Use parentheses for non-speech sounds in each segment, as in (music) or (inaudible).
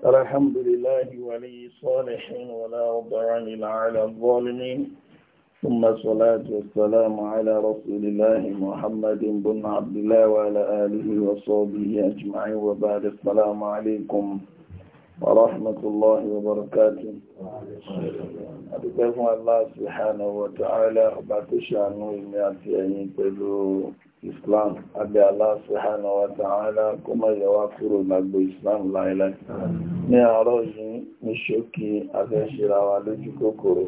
الحمد لله ولي الصالحين ولا إلا على الظالمين ثم الصلاة والسلام على رسول الله محمد بن عبد الله وعلى آله وصحبه أجمعين وبعد السلام عليكم warahmatullahi wabarakatuh adúpẹ́ fún Allah subhanahu wa ta'ala ọba tó ṣàánú èmi àti ẹ̀yin pẹ̀lú islam abẹ́ Allah subhanahu wa ta'ala islam láìláì ní àárọ̀ yìí ní ṣókí afẹ́ṣẹ́ra wa lójú kòkòrò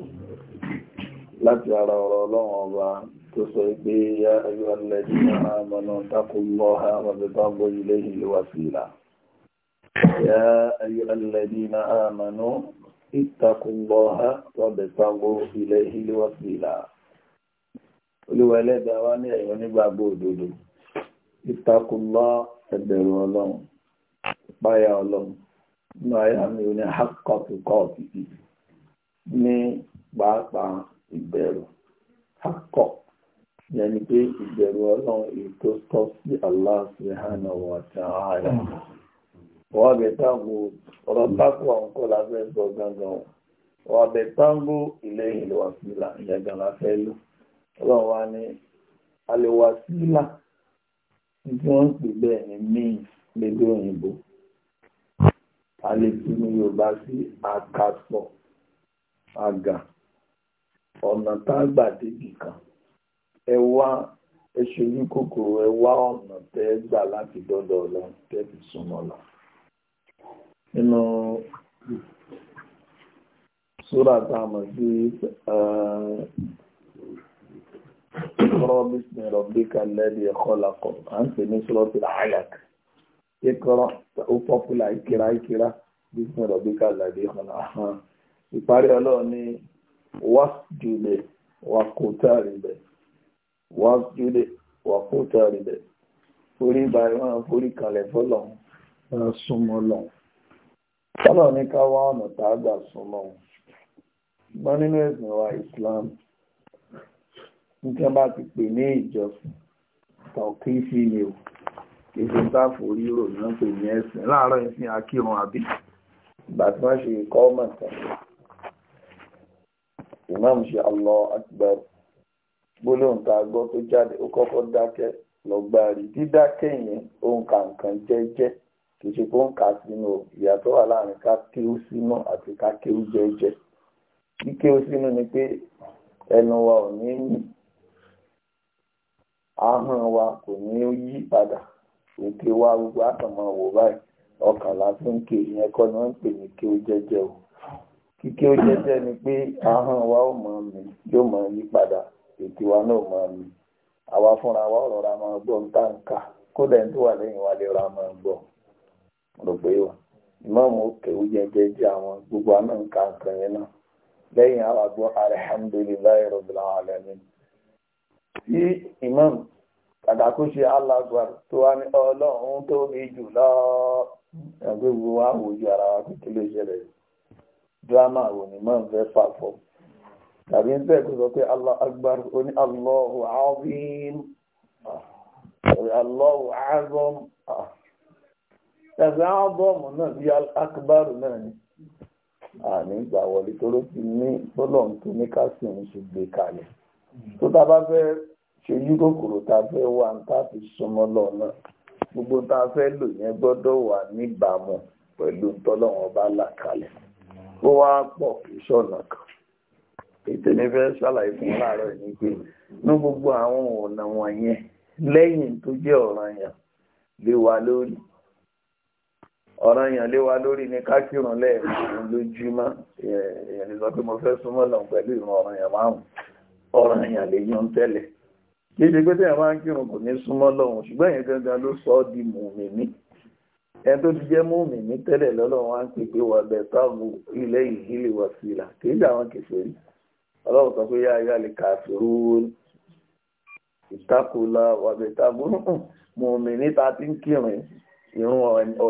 láti ara ọ̀rọ̀ ọlọ́run oba tó sọ pé yá ayyuhal ladhina amanu taqullaha ilayhi wasila يا أيها الذين آمنوا اتقوا الله وابتغوا إليه الوسيلة olúwẹ̀lẹ́dà wá ní ẹ̀yọ́ nígbàgbọ́ òdodo ìtakùnlọ́ ẹ̀bẹ̀rù ọlọ́run páyà ọlọ́run nínú àyà mi ò ní àkọ́kọ́ òtìtì ní pàápàá ìbẹ̀rù àkọ́ yẹn ni pé ìbẹ̀rù ọlọ́run ètò tọ́ sí Allah subhanahu wa ta'ala wàbẹ̀tàngó ọ̀rọ̀ tákù àwọn kọ́ la fẹ́ sọ gangan wàbẹ̀tàngó la wa ní àlèwàsílà tí wọ́n ń pè bẹ́ẹ̀ ní means lédè òyìnbó àlètí ní yorùbá sí àkàsọ̀ àgà ọ̀nà a gbà débì kan ẹ wá nínú súrà tá a mọ̀ sí rọ́bí sinirọ̀ bí kalẹ̀ di ẹ̀kọ́ lakọ̀ à ń pè ní súrọ̀tì àyàk kíkọ́rọ̀ ó pọ́pùlà ìkíra ìkíra bí sinirọ̀ bí kalẹ̀ di ẹ̀kọ́ lakọ̀ ìparí ọlọ́run ní wáṣíjúlẹ̀ wàkútàríbẹ̀ wáṣíjúlẹ̀ wàkútàríbẹ̀ forí báyìí wọn forí kalẹ̀ fọlọ́run wọn súnmọ́ lọ́run sọ́lọ̀ ní ká wá ọ̀nà tààgbà súnmọ́ ṣùgbọ́n nínú ẹ̀sìn wa Islam nǹkan bá ti pè ní ìjọsìn tọ̀kí sí ni o kìí bá forí rò ní pè ní ẹ̀sìn láàárọ̀ ìsìn akírun àbí ìgbà tí wọ́n ṣe ikọ́ mọ̀tàn Imam ṣe Allah Akbar gbólóhùn tá a gbọ́ tó jáde ó kọ́kọ́ dákẹ́ lọ́gbàrí dídákẹ́ yẹn ohun kàǹkàn jẹ́jẹ́ kì í ṣe kó ń kà sínú ìyàtọ̀ wà láàrin ká kéwú sínú àti ká kéwú jẹ́jẹ́ kíkéwú sínú ni pé ẹnu wa ò ní yí ahọ́n wa kò ní yí padà òkè wa gbogbo àtàmọ́ wò báyìí ọkàn láti ń ké ìyẹn kọ́ ni wọ́n ń pè ní kéwú jẹ́jẹ́ o kíkéwú jẹ́jẹ́ ni pé ahọ́n wa ò mọ̀ mi yóò mọ̀ yí padà ètè wa náà mọ̀ mi àwa fúnra wa ọ̀rọ̀ ra máa gbọ́ ń tà ń kà kódà ẹni tó wà lẹ́yìn wa lè ra máa gbọ́. gbogbo ìwà ìmáàmù òkè oúnjẹ jẹjẹ àwọn gbogbo àná nǹkan kan yẹn náà lẹ́yìn àwọn àgbọ̀ alhamdulillahi rabbil alamin tí ìmáàmù kàkàkó ṣe alágbà tó wá ní ọlọ́run tó jù lọ gbogbo wa wòjú ara wa kí ló ṣẹlẹ̀ dírámà wò ní mọ́ fẹ́ fà fọ́ tàbí ń bẹ́ẹ̀ kó sọ pé ó ní ẹ̀sẹ̀ ábọ́ọ̀mù náà bí akíbárù náà ni àní ìgbà wọlé tóró ti ní bọ́lọ̀m tó ní káṣí ń ṣe gbé kalẹ̀ tó tá a bá fẹ́ ṣe yí kòkòrò tá a fẹ́ wà ń tá a fi súnmọ́ lọ́nà gbogbo tá a fẹ́ lò yẹn gbọ́dọ̀ wà níbàámu pẹ̀lú tọ́lọ́wọ́n bá là kalẹ̀ ó wá pọ̀ kì í kan ètò ní fẹ́ ṣàlàyé fún láàárọ̀ ní pé ní gbogbo àwọn ọ̀nà wọ̀nyẹn lẹ́yìn tó jẹ́ ọ̀ranyàn lé wa lórí ọ̀ràn èèyàn lé wa lórí ní kákìrùn lẹ́ẹ̀kan lójúmọ́ èèyàn lè sọ pé mo fẹ́ súnmọ́ lọ́n pẹ̀lú ìran ọ̀ràn èèyàn márùn ọ̀ràn èèyàn lè yan tẹ́lẹ̀ kí ṣe pé tẹ̀yàn máa ń kírun kò ní súnmọ́ lọ́hùn ṣùgbọ́n èèyàn gangan ló sọ ọ́ di mùmìnì ẹni tó ti jẹ́ mùmìnì tẹ́lẹ̀ lọ́lọ́run wá ń pè pé wà bẹ̀ táàbù ilé ìhílì wà sí ìlà kì í dàwọn kèfèrí ọlọ́run sọ pé yáa yáa lè kàfìrú ìtakùlà wà bẹ̀ táàbù (laughs) mùmìnì ta ti ń kírun ìrún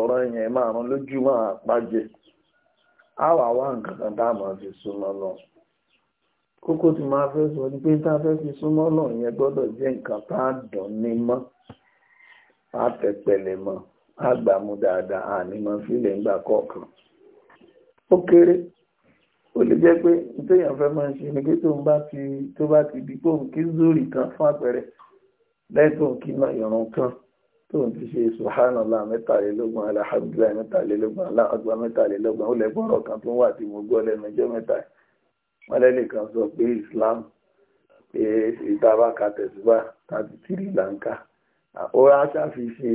ọ̀rọ̀ yẹn máa rán lójú máa pàjẹ́ àwà wá nǹkan kan tá a máa fi súnmọ́ náà kókó tí máa fẹ́ sọ ni pé tá a fẹ́ fi súnmọ́ náà yẹn gbọ́dọ̀ jẹ́ nǹkan tá a dán ní mọ́ á tẹ̀pẹ̀lẹ̀ mọ́ á gbà mú dáadáa àní mọ́ fílẹ̀ ńgbà kọ̀ọ̀kan ó kéré ó lè jẹ́ pé téèyàn fẹ́ máa ń ṣe ni pé tó bá ti tó bá ti di pé òun kí zúrì kan fún àpẹẹrẹ lẹ́tọ̀ọ́ kí náà ìrùn kan tó ń ti ṣe subhanallah mẹ́tàlélógún alhamdulillah mẹ́tàlélógún Allahu akbar mẹ́tàlélógún ó lẹ́gbọ́rọ̀ kan tó wà tí mo gbọ́ lẹ́nu ọjọ́ mẹ́ta wọn lẹ́nìkan sọ pé Islam pé ìtaba katẹ̀síwá tàbí Sri Lanka ó ráṣà fi ṣe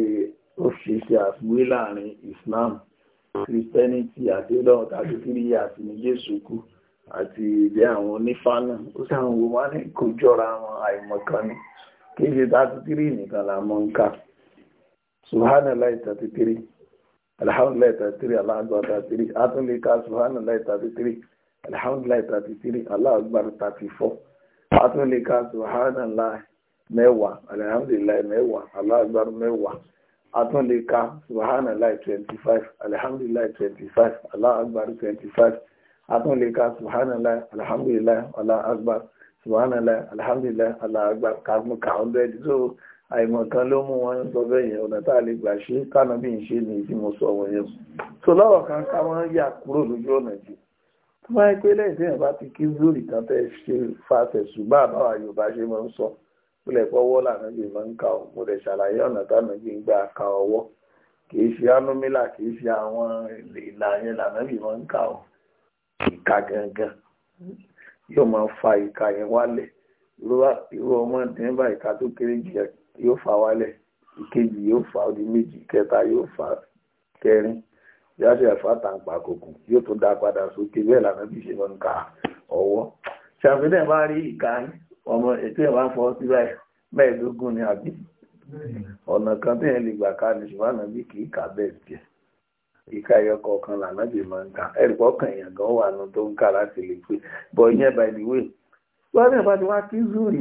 ó fi ṣe àfiwé láàrin Islam Christianity àti ọlọ́run tàbí kiri àti ní Jésù kú àti ìdí àwọn onífánà ó sáwọn wo wá ní kó jọra àwọn àìmọ̀kan ni kí ṣe tàbí kiri nìkan là ń kà subhanallah thirty three alhamdulilayi thirty three alahadua thirty three atunleka subhanallah thirty three alhamdulilayi thirty three alahadua thirty four atunleka subhanallah mẹ́wàá alhamdulilayi mẹ́wàá alahadua mẹ́wàá atunleka subhanallah twenty five alhamdulilayi twenty five alahadua twenty five atunleka subhanallah alhamdulilayi alahadua subhanallah alhamdulilayi alahadua kàmú kàmú bẹ́ẹ̀ di so àìmọ̀kan ló mú wọn sọ bẹ́yẹn ọ̀nà tá a lè gbà ṣe kánà bí n ṣe ní tí mo sọ wọ́n yẹn so lọ́rọ̀ kan ká wọ́n yà kúrò lójú ọ̀nà jù tó máa ń pé lẹ́yìn tí èèyàn bá ti kí zórí kan fẹ́ ṣe fàṣẹ ṣùgbọ́n àbáwá yorùbá ṣe máa ń sọ pílẹ̀ pọ́wọ́ lànà bí máa ń ka ọ̀ mo lè ṣàlàyé ọ̀nà táwọn bí ń gbà ka ọwọ́ kìí ṣe anúmílà kìí ṣe àwọn ìlànà lànà bí máa ń ka yóò fà wálẹ̀ ìkejì yóò fà ó di méjì kẹta yóò fà kẹrin yóò ṣe ẹ̀fà tàǹpà kòkò yóò tún dá padà sókè bẹ́ẹ̀ lànà bí ṣe máa ń ọwọ́ ṣàfihàn bá rí ìka ọmọ ètò ẹ̀ máa fọ́ síbẹ̀ mẹ́ẹ̀ẹ́dógún ni àbí ọ̀nà kan tí ẹ̀ lè gbà ká ní ṣùgbọ́n àná bí kì í kà bẹ́ẹ̀ tiẹ̀ ìka ẹyọkọ kan lànà bí máa ń ka ẹ̀rìkọ́ kan èèyàn gan wà nù tó ń kà láti lè pé bọ́ ìyẹn by the way wọ́n ní ìbá ti wá kí zúrì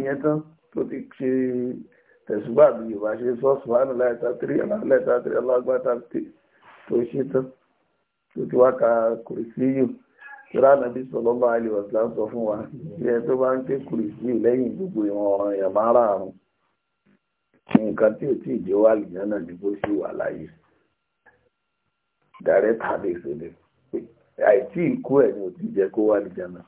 tẹ̀sùbá bí yorùbá ṣe sọ sùhánù láìta tírí aláìta tírí alágbàtà tó ṣe tán tó ti wá ka kùrìsíyù tíra nàbí sallallahu alaihi wasallam sọ fún wa ṣe tó bá ń ké kùrìsíyù lẹ́yìn gbogbo ìwọn ọ̀ràn yẹn márààrún nǹkan tí ò tí ì jẹ́ wà lìyàn náà ni bó ṣe wà láyé dàrẹ́ tàbí ìṣẹ̀lẹ̀ àìtí ìkú ẹ̀ ni ò ti jẹ́ kó wà lìyàn náà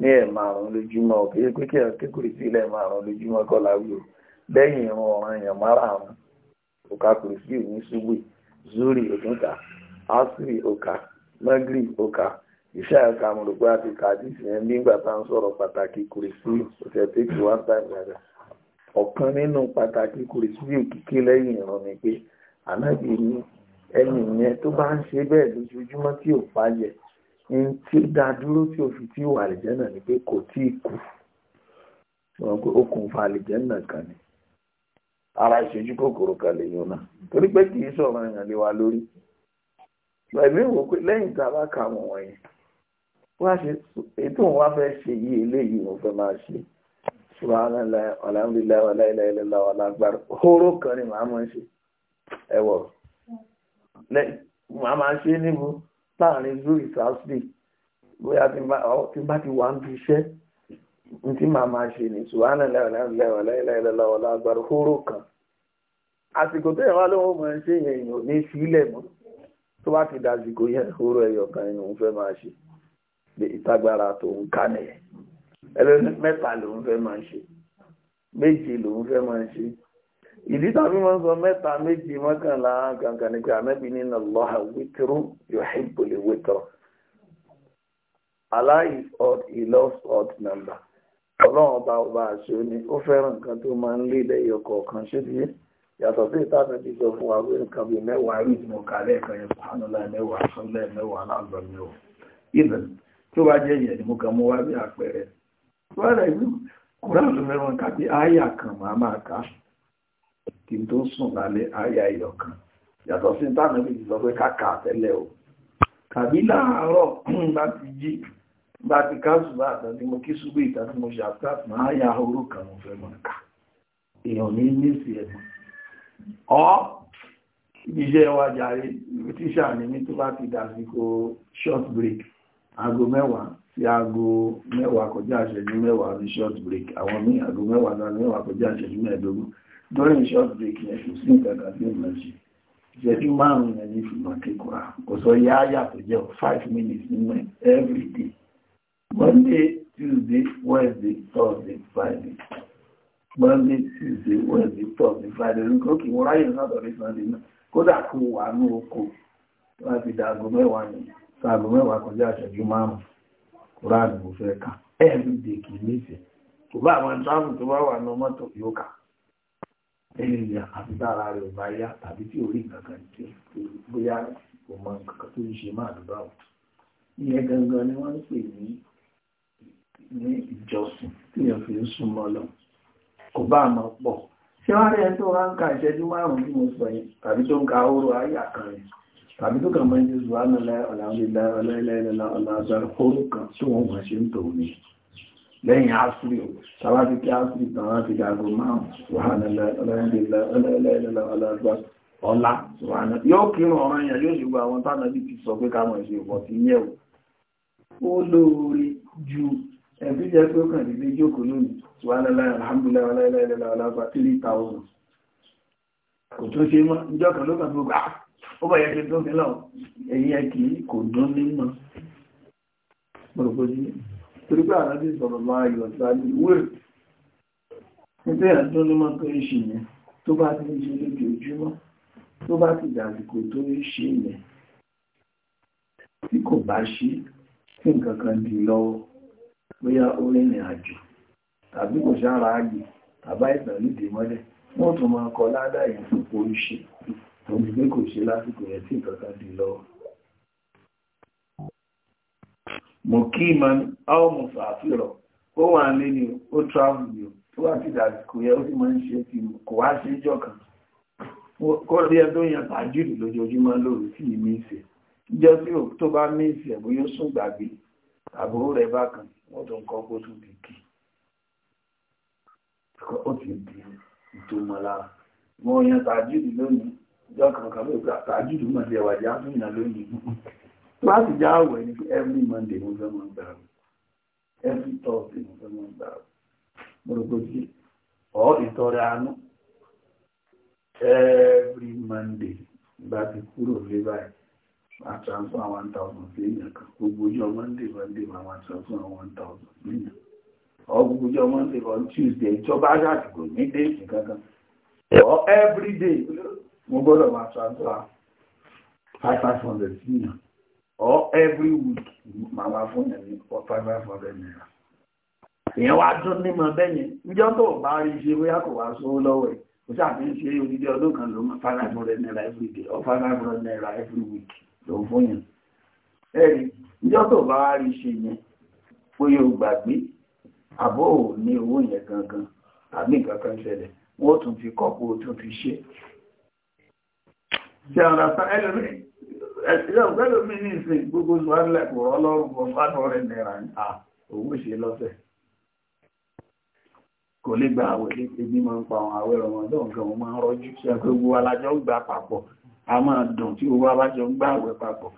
ní ẹ̀ márùn-ún lójúmọ́ kékeré sí ilẹ̀ márùn-ún lójúmọ́ kọ́ láwùjọ lẹ́yìn ìrun ọ̀ràn èèyàn márààrún òkà kò sí òní zuri òtúnkà asiri òkà magri òkà iṣẹ́ ẹ̀ka amúlòpọ̀ àti kàdísì yẹn nígbà tá ń sọ̀rọ̀ pàtàkì kùrìsì òtẹ̀tẹ̀kì wá táìmì àgbà ọ̀kan nínú pàtàkì kùrìsì òkìkí lẹ́yìn ìrun ni pé ànábì ní ẹni yẹn tó bá ń ṣe bẹ́ẹ̀ lójoojúmọ́ tí ò fàyẹ̀ ń tí dá dúró tí ò fi tí wà àlìjẹ́nà ni pé kò tí ì kú okùnfà àlìjẹ́nà kan ni ara ìṣojú kòkòrò kan lèèyàn náà torí pé kì í sọ̀rọ̀ èèyàn lé wa lórí ẹ̀mí wò pé lẹ́yìn tá a bá ka àwọn wọ̀nyí wá ṣe ètò òun wá fẹ́ ṣe yí eléyìí òun fẹ́ máa ṣe subhanallah alhamdulillah wa la ilaha illallah Allahu akbar hóró kan ni màá máa ṣe ẹ̀wọ̀ màá máa ṣe níbo láàrin zuri sasdi bóyá tí bá ti wà ń fi iṣẹ́ ní tí màá máa ṣe ní ṣùgbọ́n lẹ́wọ̀lẹ́wọ̀ lẹ́wọ̀lẹ́wọ̀ lágbàrú hóró kan àsìkò tó yẹ wá lóhùn mọ̀ ṣé yẹn èèyàn ò ní sílẹ̀ mọ́ tó bá ti dàsìkò yẹn hóró ẹyọ kan ẹni òun fẹ́ máa ṣe ìtagbára tòun ká nìyẹn ẹlẹ́ni mẹ́ta lòun fẹ́ máa ṣe méje lòun fẹ́ máa ṣe ìdí tàbí wọ́n sọ mẹ́ta méje mọ́kànlá kankan ní pé àmẹ́bí nínú lọ́hà wítírú yuhibbul wítírú Allah is odd he loves odd number ọlọ́run ọba ọba àṣẹ ni ó fẹ́ràn nǹkan tó máa ń lé lẹ́yọ kọ̀ọ̀kan ṣébi yàtọ̀ sí ìtàkùn ti sọ fún wa pé nǹkan bíi mẹ́wàá rí ìmọ̀ kálẹ̀ kan yẹn fún láì mẹ́wàá fún láì mẹ́wàá láàgbà mi ò ìlẹ̀ tó bá jẹ́ ìyẹn ni mo kàn mú wá bí àpẹẹrẹ wọ́n ìlú kúrò àlọ́ mẹ́wàá ká bí àyà kan máa máa ká kí n tó sùn lálẹ́ àyà ìyọ̀ kan yàtọ̀ sí ìtàkùn ti sọ pé ká kà á tẹ́lẹ̀ o tàbí láàárọ̀ (clears throat) bá ti káàsù bá àtàdé mo kí ṣúgbé ìtàdé mo ṣe àtàkì máa ya orú kan mo fẹ́ máa kà èèyàn ní níìsì ẹ̀mọ́ ọ́ ibi iṣẹ́ wa jàre tíṣà ní mi tó bá ti dàsìkò short break aago mẹ́wàá sí aago mẹ́wàá kọjá ìṣẹ́jú mẹ́wàá ní short break àwọn míì aago mẹ́wàá sí aago mẹ́wàá kọjá ìṣẹ́jú mẹ́ẹ̀ẹ́dógún during short break yẹn kò sí nǹkan kan sí ìmọ̀ọ́sí ìṣẹ́jú márùn-ún yẹn ní ìfìmọ̀ kékeré kò sọ yááyà tó jẹ́ five minutes nínú every day Monday, Tuesday, Wednesday, Thursday, Friday. Monday, Tuesday, Wednesday, Thursday, Friday. Nǹkan kì í wọ́n ráyè Saturday, Sunday náà. Kódà kó wà ní oko láti dàgò mẹ́wàá yẹn. Sàgò mẹ́wàá kọjá àṣẹjú márùn-ún. Kúránì mo fẹ́ kà. day kì í níṣẹ́. Kò bá àwọn tó bá wà ní mọ́tò yóò tàbí tí orí kankan ti bóyá kò mọ nǹkan tó ń ṣe máa dùbà Ìyẹn gangan ni wọ́n ń èèyàn fi ń súnmọ́ lọ kò bá àmọ́ pọ̀ ṣé wá rẹ̀ tó wá ń ka ìṣẹ́jú márùn-ún tí mo sọ yìí tàbí tó ń ka oró ayà kan rẹ̀ tàbí tó kàn máa ń jẹ́ zuwánà ọ̀làmílá ọ̀làmílá ọ̀làmílá oró kan tí wọ́n wọ́n ṣe ń tò ní lẹ́yìn áfírí o tàbá ti kí áfírí tàbá ti dàgbò márùn-ún zuwánà ọ̀làmílá ọ̀làmílá ọ̀làmílá ọ̀la ṣùgbọ́n yóò kírun ọ̀rọ̀ èèyàn yóò ṣe gbà àwọn tánàbí ti sọ pé ká mọ̀ ṣe ìwọ̀ ti yẹ̀ o ó lóore ju ẹ̀bí jẹ́ pé ó kàn dédé jókòó lónìí alhamdulillah aláìláìlá aláfà 3000 kò tún ṣe mọ́ ìjọ́ kan ló kàn gbogbo ah, ó bá yẹ kí tó fi lọ́wọ́ ẹ̀yìn ẹ̀kì kò dún ní mọ́ pọ̀lọpọ̀jì torí pé àwọn ti sọ̀rọ̀ máa yọ̀ sáájú wíìrì nígbà ìdún ní mọ́ tó ń bóyá orin ìrìn àjò tàbí kò sára ààyè tàbá ìtàn nídìí mọ́lẹ̀ wọ́n tún máa kọ ládàá yẹn fún oríṣi tó ń gbé kò ṣe lásìkò yẹn tí nǹkan kan dì lọ́wọ́. mo man áwọ mo fàáfìrọ̀ ó wà ní ni ó travel ni ó tó wà sí ìdásíkò yẹn ó sì máa ń ṣe ti kò wá ṣe jọ kan kó rí ẹ tó yan tàjùdì lójoojúmọ́ lóru tí ì mí ìsẹ̀ ìjọ tí ò tó bá mí ìsẹ̀ bó yóò àbúrò rẹ̀ bá kan wọ́n tó ń kọ́ kó tún ti kì ó ti di ìtòmọ̀ lára mo yan tàjúdì lónìí ìjọ kankan ló gbà tàjúdì mọ̀ sí ẹwà ìjà fún ìnà lónìí láti já àwẹ̀ ní pé every monday mo fẹ́ mọ́ gbà rẹ̀ every thursday mo fẹ́ mọ́ gbà rẹ̀ mo rò pé kí ọ ìtọrẹ àánú every monday ìgbà ti kúrò lé máa transfer one thousand sí èèyàn kan gbogbo ọjọ́ monday monday máa máa transfer one thousand sí èèyàn ọ gbogbo ọjọ́ monday on tuesday ìjọba àdàdìgbò ní déètì kankan ọ every day mo gbọ́dọ̀ máa transfer five five hundred sí èèyàn ọ every week máa máa fún yẹn ní five five hundred naira èèyàn wá dún nímọ̀ bẹ́yẹn níjọ́ tó bá rí ṣe bóyá kò wá sówó lọ́wọ́ ẹ̀ kò sáà fi ń ṣe odidi ọdún kan ló máa five five hundred naira every day or five five hundred naira every week. ló ń fún yàn ẹ̀rí níjọ́ tó bá wá rí ṣe yẹn bóyá o gbàgbé àbó owó yẹn gangan àbí nǹkan kan ṣẹlẹ̀ wọ́n tún fi kọ́pù ó tún fi ṣe ṣe àwọn àṣà ẹlòmíì gbogbo ṣùgbọ́nlẹ̀ kò rọ́ lọ́rùn fún fánọ́rẹ̀ náírà ní à ṣe lọ́sẹ̀ pa àwọn wọn máa ń rọ́jú ṣe pé alájọ́ ń gbà a máa dùn tí owó abájọ ń gbààwẹ̀ papọ̀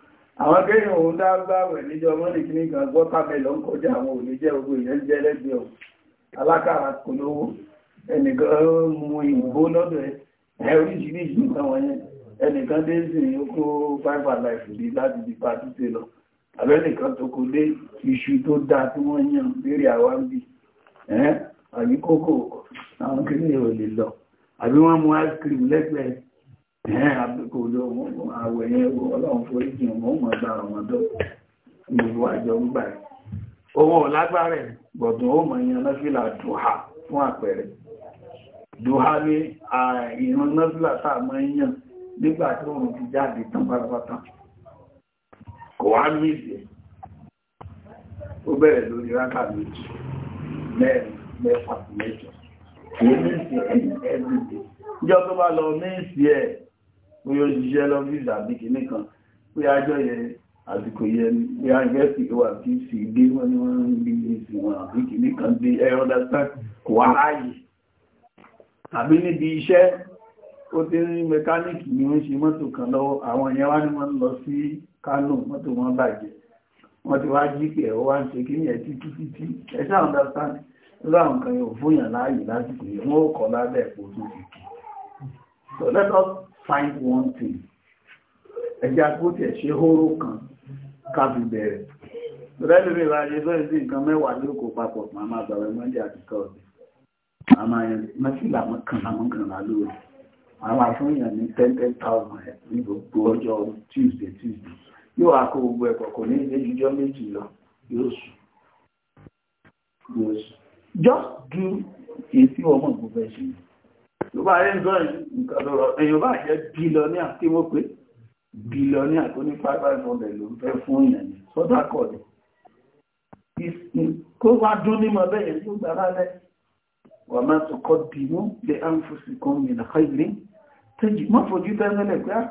àwọn kéèyàn òun dá gbààwẹ̀ níjọ mọ́nì kìíní kan gbọ́tàmẹ́lọ ń kọjá àwọn òní jẹ́ ogun ìyẹn jẹ́ lẹ́gbẹ̀ẹ́ o alákàrà kò lówó ẹnìkan mu ìbò lọ́dọ̀ ẹ oríṣiríṣi nǹkan wọ̀nyẹn ẹnìkan dé sí oko five alive rí láti di pàtí tẹ lọ àbẹ́ nìkan tó kó dé iṣu tó dáa tí wọ́n yàn lérí àwa ń bì àbí kókò àwọn kìíní ò lè lọ àbí wọ́n mu ice cream lẹ́gbẹ̀ẹ́ ẹ̀hẹ́n àbíkò lọ́wọ́ àwẹ̀ yẹn ọlọ́run forí jì wọ́n mọ̀ gba ọmọdọ́ gbogbo àjọ ń gbà owó lágbára ẹ̀ gbọ̀dùn ó mọ̀ yan nọ́fìlà dùhà fún àpẹẹrẹ dùhà ní ìran nọ́fìlà tá a mọ̀ yan nígbà tí òun ti jáde tán pátápátá kò wá ní ìdí ó bẹ̀rẹ̀ lórí rákà méjì mẹ́rin mẹ́fà mẹ́jọ ìyẹn ní ìsìn ẹ̀ẹ́dìdì ìjọ tó bá lọ ní bí ó ṣiṣẹ́ lọ́fíìsì àbí kìíní kan pé àjọ yẹn àsìkò yẹn pé àìfẹ́sì wà kí sì dé wọ́n ní wọ́n ń bí èsì wọn àbí kìíní kan dé ẹ understand kò wá láàyè àbí níbi iṣẹ́ ó ti rí mẹkáníìkì ni wọ́n ṣe mọ́tò kan lọ́wọ́ àwọn yẹn wá ní wọ́n lọ sí Kánò mọ́tò wọn bàjẹ́ wọ́n ti wá jí pé ẹ̀wọ́ wá ń ṣe kí ní ẹ̀tí títí tí ẹ̀ṣà understand ló àwọn kan yóò fún yàn láàyè lásìkò yẹn wọ́n ó kọ́ lábẹ́ ẹ̀pọ̀ tó ti kì so let us find one thing ẹjẹ́ agbóti ẹ̀ṣẹ́ hóró kan kábí bẹ̀rẹ̀ rẹ́lùmí bá ṣe fẹ́ sí nǹkan mẹ́wàá ní òkò papọ̀ màmá àgbàwẹ̀ mọ́ndé àtìkọ́ ọ̀dẹ̀ màmá yẹn mẹ́sìlá mọ́kànlá mọ́kànlá lóòrè àwọn àfúnyàn ní ten ten thousand ní gbogbo ọjọ́ Tuesday Tuesday yóò akọ gbogbo ẹ̀kọ́ kò ní ilé jíjọ́ méjì lọ yóò sùn yóò sùn just do If you want to go ẹ̀ṣin yìí tó bá rí nǹkan nǹkan lọ́rọ̀ èèyàn bá jẹ́ bílọ́níà kí mo pé bílọ́níà tó ní five five ló ń fẹ́ fún èèyàn ní sọ́dà ni kó wá dún ní mọ bẹ́ẹ̀ tó gbà lálẹ́ wà má tó kọ́ bínú lé àǹfọ̀sì kan mi nàkọ́ ìlé tẹ́jì má fojú tẹ́lẹ̀ pé ah,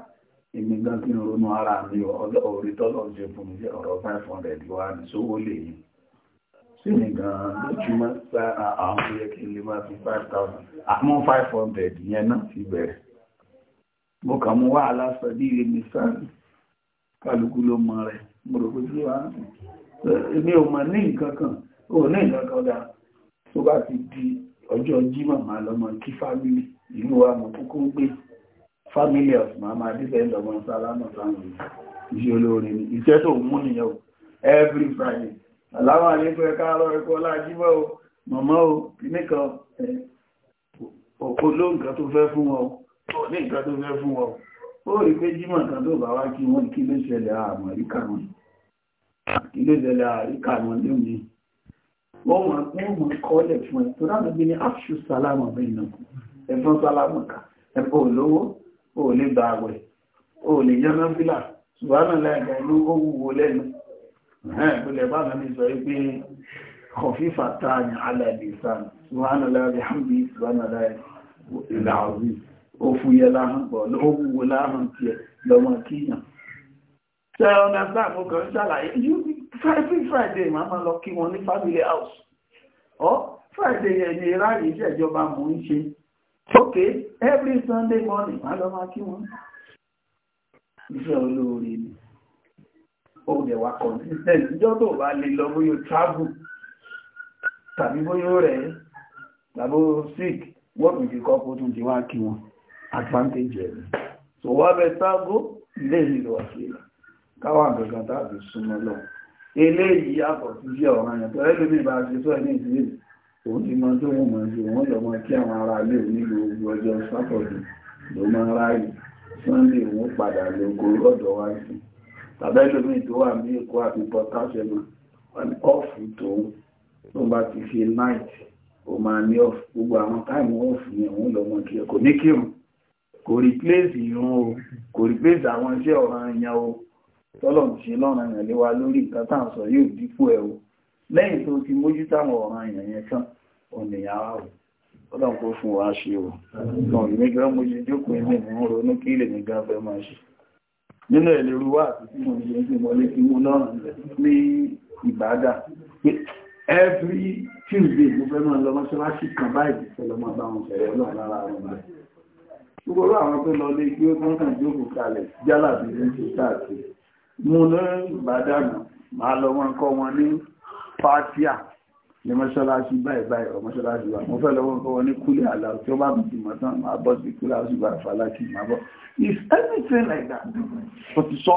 èmi gan kí n ronú ara mi ọ̀rẹ́ tọ́lọ́ ṣe fún mi jẹ́ ọ̀rọ̀ five wá ní sówó lè yìí sí mi gan-an lójúmọ́ sá àwọn tó yẹ kí máa fi five thousand àmọ́ five hundred yẹn náà ti bẹ̀rẹ̀ mo kàn mú wàhálà sọ bí ire mi sáré kálukú ló mọ rẹ mo rò pé kí wàá èmi ò mọ ní nǹkan kan ò ní nǹkan kan dáa tó bá ti di ọjọ́ jímọ̀ máa lọ́mọ kí fámìlì ìlú wa mo kúkú ń gbé fámílì ọ̀f màmá adébẹ̀lọ́gbọ̀n sálámù sáwọn ìṣẹ́ olóorin ni iṣẹ́ tó mú nìyẹn every friday àláwà nípa ẹ̀ká àárọ̀ ẹ̀kọ́ láàjímọ́ o mọ̀mọ́ o nìkan òkú ló nǹkan tó fẹ́ fún wọn o ní nǹkan tó fẹ́ fún wọn o ó rí pé jímọ̀ kan tó bá wá kí wọ́n kí ló ṣẹlẹ̀ àmọ̀ríkà wọn kí ló ṣẹlẹ̀ àríkà wọn lónìí wọ́n mọ̀ pé wọ́n mọ̀ kọ́lẹ̀ fún ẹ tó dáàbò bí ní afṣù sálámà bẹ́ẹ̀ náà ẹ̀fọn sálámà kà ẹ̀fọn olówó ò lè gbà àwẹ̀ ò lè yánáfílà ìpínlẹ̀ bá mi sọ pé kọfífà táà ní alàdìsàn subhanallah bihamdi subhanallah ìlàwí ó fúyẹ́ láhàn pọ̀ ó wúwo láhàn tí ẹ lọ́mọ kíyàn ṣe ọ̀nà sáà mo kàn ṣàlàyé every friday màá máa lọ kí wọn ní family house ọ friday yẹn ni ráàyè ìṣèjọba mò ń ó dẹ̀ wà consistent ìjọ́ tó bá lè lọ bóyá travel tàbí bóyá rẹ̀ tàbí sick wọ́n mi fi kọ́ kó tún ti wá kí wọn advantage ẹ̀ so wá bẹ sáàgó ilé ìlú àṣìlá káwà gangan tàbí súnmọ́ lọ eléyìí yàtọ̀ sí sí ọ̀ràn yẹn tó ẹlòmí bá ṣe tó ẹni ìdílé òun ti mọ tó wọ́n mọ̀ sí òun lọ mọ kí àwọn ará ilé nílò ogun ọjọ́ sátọ̀dẹ̀ ló máa ráyè sunday òun padà lóko lọ́dọ̀ wáyé bàbá ẹlòmí tó wà ní èkó àti pọtásẹmọ wọn ni ọfù tòun tó bá ti fi náìtì ó máa ní ọfù gbogbo àwọn táìmù ọfù yẹn òun lọmọ kí ẹ kò ní kírun kò replace irun o kò replace àwọn iṣẹ́ ọ̀ranyàn o tọ́lọ̀ ń ṣe lọ́rùn èèyàn lé wa lórí nǹkan tá à ń sọ yóò dípò ẹ̀ o lẹ́yìn tó ti mójú táwọn ọ̀ranyàn yẹn tán ọ̀nìyàn á o ọlọ́run kó fún wa ṣe o ọ̀nìyàn méjì ọmọ ojú jókòó ilé ìmúrò ní kí ilé mi gan fẹ́ máa ṣe nínú ẹ̀lẹ́rú wà àti tí mo yẹ ní mọ́lé tí mo náà ní ìbádà every Tuesday mo fẹ́ máa lọ mọ́ṣáláṣí kan báyìí fẹ́ lọ máa bá wọn fẹ̀rẹ̀ ọlọ́run lára wọn báyìí gbogbo àwọn tó lọ lé gbé tó ń kàn jókòó kalẹ̀ jálà bí i ṣe káàkiri mo ní ìbádà náà máa lọ wọn kọ́ wọn ní fátíà ní mọ́ṣáláṣí báyìí báyìí ọ̀ mọ́ṣáláṣí wa mo fẹ́ lọ́wọ́ kọ́ wọn ní kúlẹ̀ àlà tí ó bá mi ti mọ̀ tán máa bọ́ sí kúlẹ̀ àṣù bá fàlà kì máa bọ̀ is anything like that o ti sọ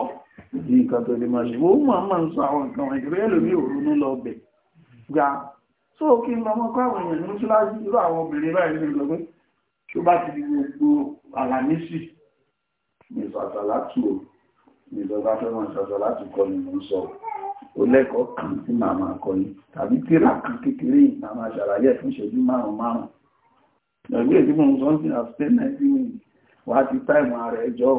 ní nǹkan tó lè máa ṣe wọ́n mọ̀ máa ń sọ àwọn nǹkan wọn ìrẹ́ lómi òrunú lọ bẹ̀ gba so kí n lọ kọ́ àwọn èèyàn ní mọ́ṣáláṣí irú àwọn obìnrin báyìí ní lọ tó bá ti di gbogbo àlàmísì ní ìsọ̀tà látù ní ìsọ̀tà fẹ́ ó lẹ́kọ̀ọ́ kan tí màá máa kọ́ ni tàbí tíra kan kékeré yìí màá ṣàlàyé fún ìṣẹ́jú márùn márùn-ún tí mo ń sọ sí àfẹ́ nàìjíríà wá ti táìmù ààrẹ ẹjọ́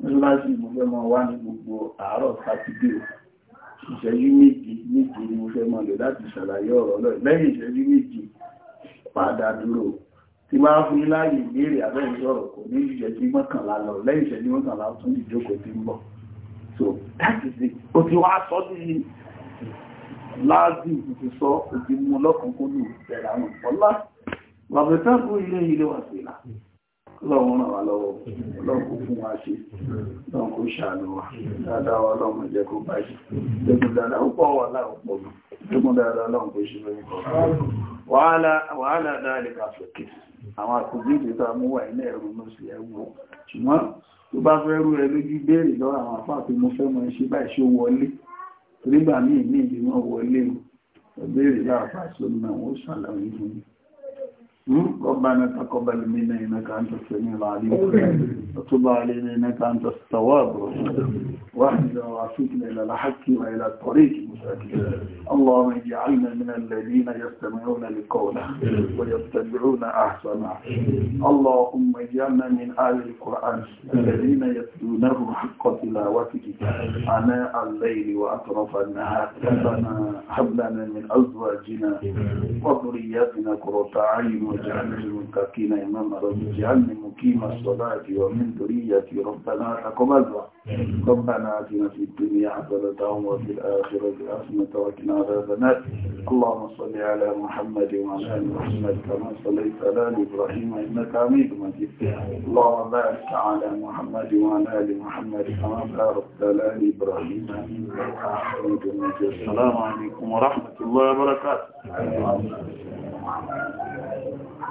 mọ́ṣáláṣí mo fẹ́ mọ́ wá ní gbogbo àárọ̀ sátidé ìṣẹ́jú méjì méjì ni mo fẹ́ mọ́ lò láti ṣàlàyé ọ̀rọ̀ lọ lẹ́yìn ìṣẹ́jú méjì padà dúró tí bá fún yín láàyè ìbéèrè abẹ́yìn kò ní ìṣẹ́jú mọ́kànlá lọ lẹ́yìn ìṣẹ́jú mọ́kànlá tún ìjókòó ti ń bọ̀ so that is it ó ti wá sọ́dún yìí láàzì ti sọ òbí mú lọ́kùnkúnnù bẹ̀rẹ̀ àwọn ìfọ́lá wàbẹ̀tẹ́kù ilé ilé wà sí ìlà lọ́wọ́n ràn wá lọ́wọ́ lọ́kùn fún wa ṣe lọ́kù ṣàánú wa dáadáa wa lọ́mọ jẹ́ kó bá ṣe lẹ́gùn dáadáa ó pọ̀ wà láàpọ̀ mọ́ lẹ́gùn dáadáa lọ́n kó ṣe lórí kọ̀ wàhálà dáadáa ká fòkè àwọn àkùnrin ìdíta mú wà ilé ẹ̀rù nígbà míì ní ìgbìmọ̀ wọlé ọgbẹ́rẹ̀ láàpá sómi àwọn ó ṣàlàyé fún mi ربنا تقبل منا إنك أنت السميع العليم وتب علينا إنك أنت التواب واحد وعافيتنا إلى الحق وإلى الطريق المستقيم اللهم اجعلنا من الذين يستمعون لقوله ويتبعون أحسنه اللهم اجعلنا من آل القرآن الذين يتلونه حق تلاوته أناء الليل وأطراف النهار ربنا هب من أزواجنا وذرياتنا قرة عين واجعلني المتقين إماما رب اجعلني مقيم الصلاة ومن ذريتي ربنا الله ربنا آتنا في الدنيا حسنة وفي الآخرة حسنة وقنا عذاب النار اللهم صل على محمد وعلى آل محمد كما صليت على آل إبراهيم إنك حميد مجيد اللهم بارك على محمد وعلى آل محمد كما باركت على آل إبراهيم إنك حميد مجيد السلام عليكم ورحمة الله وبركاته